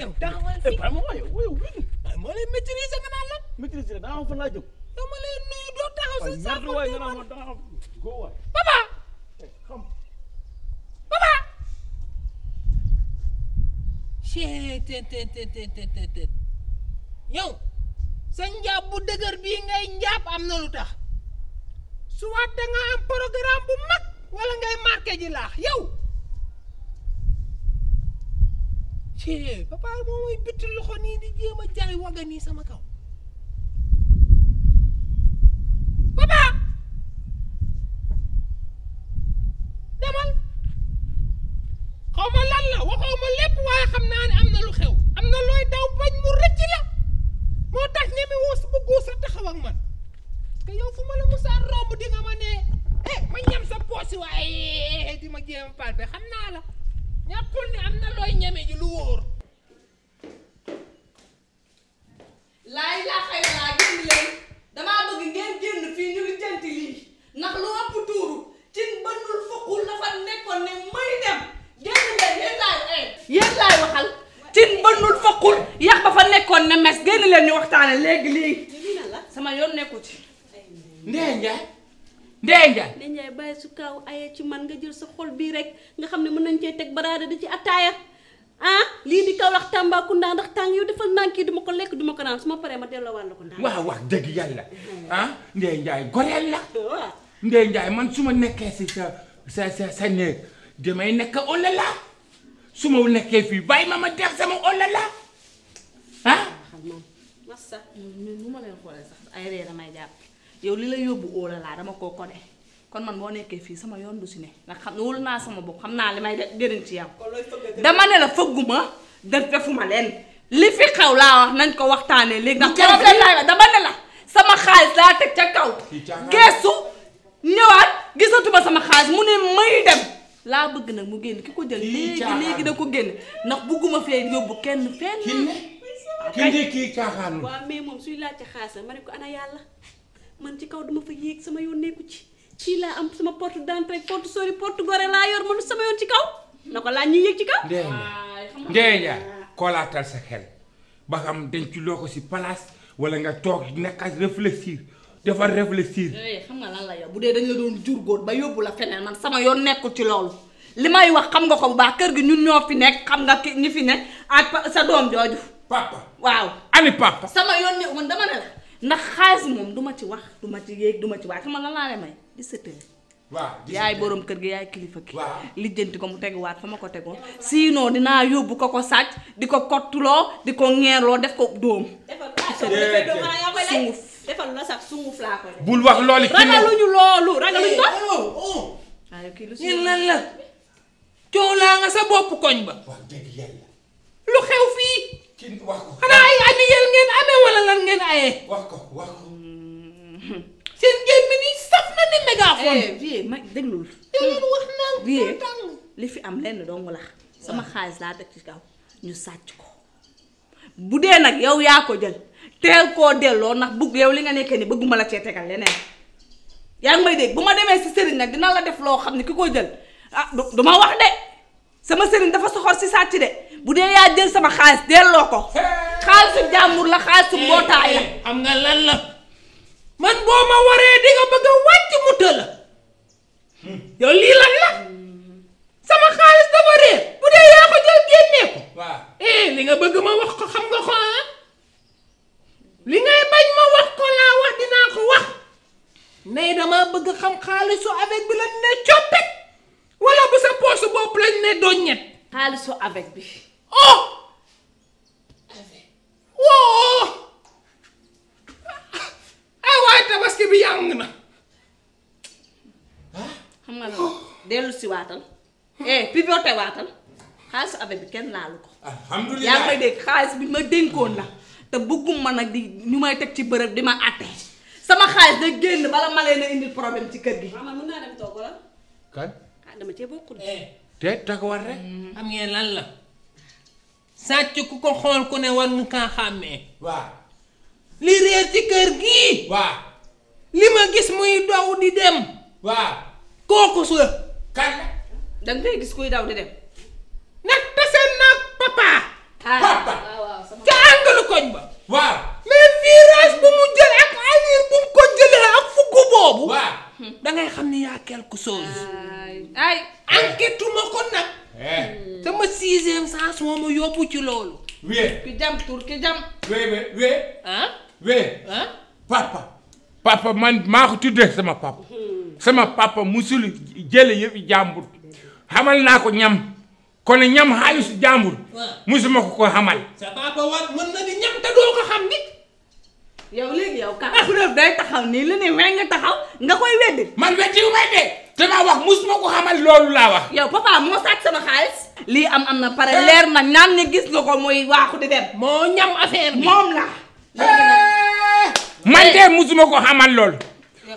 yow taxawal fi ba ma waaye yow win moo lay maîtriser nga naan lan maîtriser papa papa ten ten ten ten ten ten ci papa moom mooy bitti loxo nii di jéem a jaay waga nii sama kaw papa demal xaw ma lan la waxoo ma lépp waaye xam naa ne am na lu xew am na looy daw bañ mu rëcc la moo tax ñeme woos bu guus a taxaw ak man parce yow fu ma la musaan romb di ma ne eh ma ñam sa poosi waaye di ma jéem palpe xam naa la koy ñeme ji lu wóor laay laa xay laa génn leen damaa bëgg ngeen génn fii ñu lijjanti lii ndax lu ëpp tuuru cin bënnul fukkul dafa nekkoon ne may dem génn leen yéen laay waxal cin bënnul fukkul yax ba fa nekkoon ne mes génn leen ñu waxtaane léegi lii sama yoon nekku ci ndee njaay ndee njaay ndee njaay bàyyi su kaaw aye ci man nga jël sa xol bii rek nga xam ne mën nañ cee teg baraada di ci attaaya ah lii di kaw wax Tambacounda ndax tàng yow defal ndànk yi duma ko lekk duma ko naan su ma paree ma delloo wàll ko ndànk. waaw wax dëgg yàlla ah Ndeye Ndiaye goreel la. waaw Ndeye man su ma nekkee si sa sa sa néeg damay nekk olala su ma nekkee fii bàyyi ma ma def sama olala ah. massa ma leen xoolee sax ay yow li la yóbbu olala dama koo ko kon man boo nekkee fii sama yoon du si ne ndax xam wul naa sama bopp xam naa li may jëriñ ci yow. dama ne la fëgguma def defuma leen li fi xaw laa wax nañ ko waxtaanee léegi. ndax problème dama ne la sama xaalis laa teg ca kaw. geesu ñëwaat gisatuma sama xaalis mu ne may dem laa bëgg nag mu génn ki ko jël. léegi léegi da ko génn ndax bugguma fee yóbbu kenn fenn. kii de ah, kii caaxaanul. waaw mais moom suy laajte xaalis ma ne ko ana yàlla man ci kaw duma fa yéeg sama yoon nekku ci. ci laa am sama porte d'entrée porte sori porte gore laa yor mënu sama yoon ci kaw na ko laa ñuy yëg ci kaw. Ndeye Ndiaye xoolaatal sa xel ba xam denc loo ko si place wala nga toog nekk ak réfléchir dafa réfléchir. Eh, xam nga lan la yow bu dee dañ doon jur góor ba yóbbu la feneen man sama yoon nekkul ci loolu. li may wax xam nga ko bu baax kër gi ñun ñoo fi nekk xam nga ki ñi fi nekk ak sa doom jooju. papa waaw ani papa. sama yoon ne man dama ne la. ndax xaalis moom du ma ci wax du ma ci yéeg du ma ci wax xam nga laa lay may 17 heures. waaw yaay boroom kër gi yaay kilifa gi. lijjanti ko mu teguwaat fa ma ko tegoon. sinon dinaa yóbbu ko ko sàcc di ko kottuloo di ko ŋeerloo def ko dóom. Ah, sunguf defal la sax sunguf bul wax loolu kii ragaluñu loolu ragaluñu ko. waaye eh, oh, oh. coow laa nga sa bopp koñ ba. lu xew fii. ngeen amee wala lan wax ko wax ko. seen saf na ni mégaphone. Eh, vie ma li fi am lenn dong la. sama xaalis laa teg ci kaw ñu sàcc ko. bu dee nag yow yaa ko jël teel koo delloo ndax bugg yow li nga nekkee ni bëgguma la cee tegal leneen yaa ngi may dégg bu ma demee si sëriñ nag dina la def loo xam ne ki ko jël ah du ma wax de sama sëriñ dafa soxor si sàcc de bu dee yaa jël sama xaalis delloo ko. xaalisu jamur la xaalisu mbootaay eh, eh, am nga lan la man boma waré di nga bëgg a mu teul yo li lan la sama xaalis dafa réer bu dé ya ko jël génnee ko wa eh li nga bëgg ma wax ko xam nga ko ah? li ngay bañ ma wax ko la wax dina ko wax né dama bëgg xam xaalisu avec bi la ne coppet wala bu sa poche bop lañ né doñet xaalisu avec bi oh tàng na. xam nga loolu dellu si waatal eh pivoté waatal xaalis avec bi kenn laalu ko. yaa ngi dégg xaalis bi ma dénkoon la te bëgguma nag ñu may teg ci bërëb di ma àtte sama xaalis da génn bala ma leen a indil problème ci kër gi. waaw man mën naa dem ah, eh, te taxawal rek. Mm-hmm. xam ngeen lan la. sàcc ku ko xool ku ne war nga kaa xàmmee. li réer ci kër gii. li ma gis muy daw di dem. waaw. kooku su la. kan da ngay gis kuy daw di dem. nag tase naag papa. Ah. Ah, ca àngalu koñ ba. waaw mais virage bu mu jël ak allure bu mu ko jëlee ak fukk boobu. waaw xam ni yaa quelque chose. ay enquête ko nag. Eh. sama sixième sens moo ma yóbbu ci loolu. wee. ki jam tur ki jam. wee wee wee. ah. wee. ah papa. papa man maa ko tuddee sama papa sama papa musul jële yëfi jàmbur xamal naa ko ñam kon ñam xaalisu jàmbur musuma ko ko xamal sa papa war mën na koy weddi man weddi wu may de damaa loolu laa wax yow papa moo sàcc sama xaalis lii am am na pare leer na naan ne gis nga ko muy waaxu di dem moo ñam affaire moom la man eh. de musuma ko xamal loolu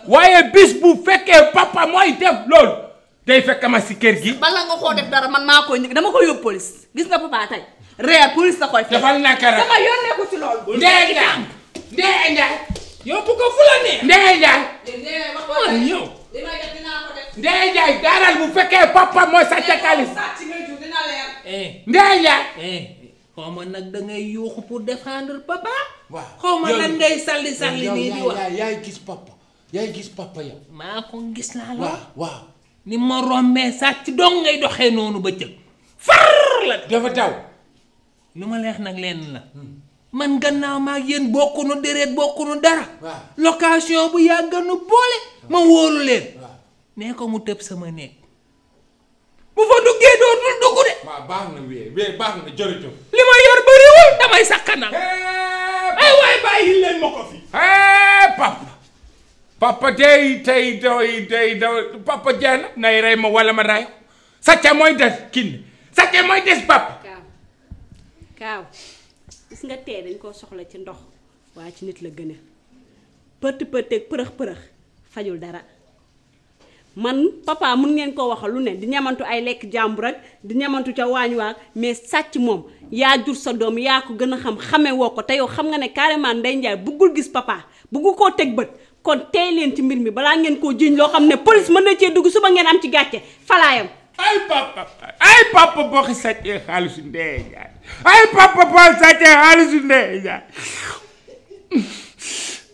waaye bis bu fekkee papa mooy def loolu day fekk ma si kër gi bala nga koo def dara man maa koy dama ko yóbbu police gis nga papa tey reer police la koy fekk defal naka rek sama yoon nekku ci loolu ndee njaay ndee njaay yow bu ko fula ne ndee njaay yow ndee njaay daaral bu fekkee papa mooy sa cakalis ndee njaay eh, xaw ma nag da ngay yuuxu pour défendre papa Kau xaw ma lan ngay salli salli gis papa ya gis papa ya. Ma ko gis naa la. waaw waaw. ni ma rombee sàcc dong ngay doxee noonu bëccëg. far la dafa daw. lu leex nag lenn la. man gannaaw maa ak yéen bokkunu dara. location bu nu boole. Ya ma wóolu leen. nee ko mu tëb sama néeg. bu fa duggee dootul dugg de. waaw baax na wee wee baax na yor damay bàyyi leen ma ko fi. Eh, papa papa dey tey doy dey doy papa jeex na nay rey ma wala ma ray sàcce mooy des kin sàcce mooy des papa. kaaw kaaw nga tey dañ koo soxla ci ndox waa ci nit la gën a pëtt pëtteeg përëx përëx fajul dara. man papa mën ngeen ko waxal lu ne di ñamantu ay lek jambu rek di ñamantu ca waañ waag mais sacc mom ya jur sa dom ya ko gëna xam xamé woko tay xam nga ne carrément ndey ndjay bëggul gis papa bëggu ko tek bët kon tay leen ci mbir mi bala ngeen ko jiñ lo police mën na ci dugg suba ngeen am ci gatché falaayam ay papa ay papa boo sacc e xaalisu ndey ndjay ay papa sacc e xaalisu ndey ndjay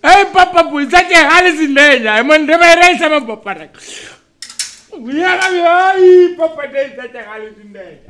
ay papa bu sàccee xaalis Ndeye Ndiaye man damay rey sama bopp rek yàlla ay papa day sàccee xaalis